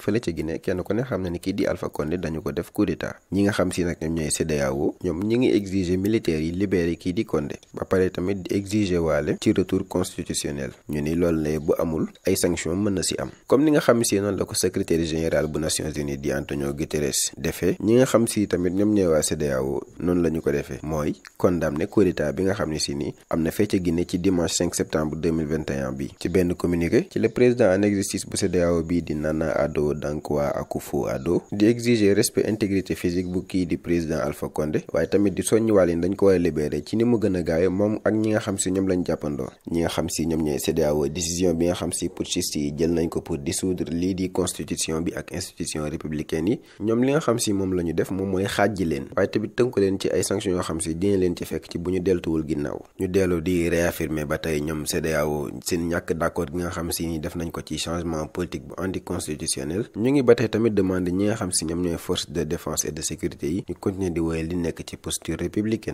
fële ca Guinée kenn ku ne xam na ni kii di Alpha Condé dañu ko def coup d'état ñi nga xam si nag ñoom ñooy CEDEAO ñoom ñi ngi exiger militaires yi libéré kii di Condé ba pare tamit di exiger waale ci retour constitutionnel ñu ni lool lay bu amul ay sanctions mën na si am comme ni nga xam si noonu la ko secrétaire général bu Nations Unies di Antonio Guterres defee ñi nga xam si tamit ñoom ñooy waa CEDEAO noonu la ñu ko defee mooy condamné coup d'état bi nga xam ne si ni am na fee ca ci dimanche 5 septembre 2021 bi benn communiqué ci président en exercice Daouda Dankwa Akufo-Addo di exiger respect intégrité physique bu kii di président Alpha Condé waaye tamit di soññiwaale ni dañ ko war a libéré ci ni mu gën a moom ak ñi nga xam si ñoom lañ jàppandoo ñi nga xam si ñoom ñooy CEDEAO décision bi nga xam si putschistes yi jël nañ ko pour dissoudre lii di constitution bi ak institution républicaine yi ñoom li nga xam si moom la def moom mooy xaajji leen waaye tamit tënku leen ci ay sanctions xam si dina leen personnel ñu ngi ba tamit demandé ñi xam si ñoom ñooy force de défense et de sécurité yi ñu continuer di woyal li nekk ci posture républicaine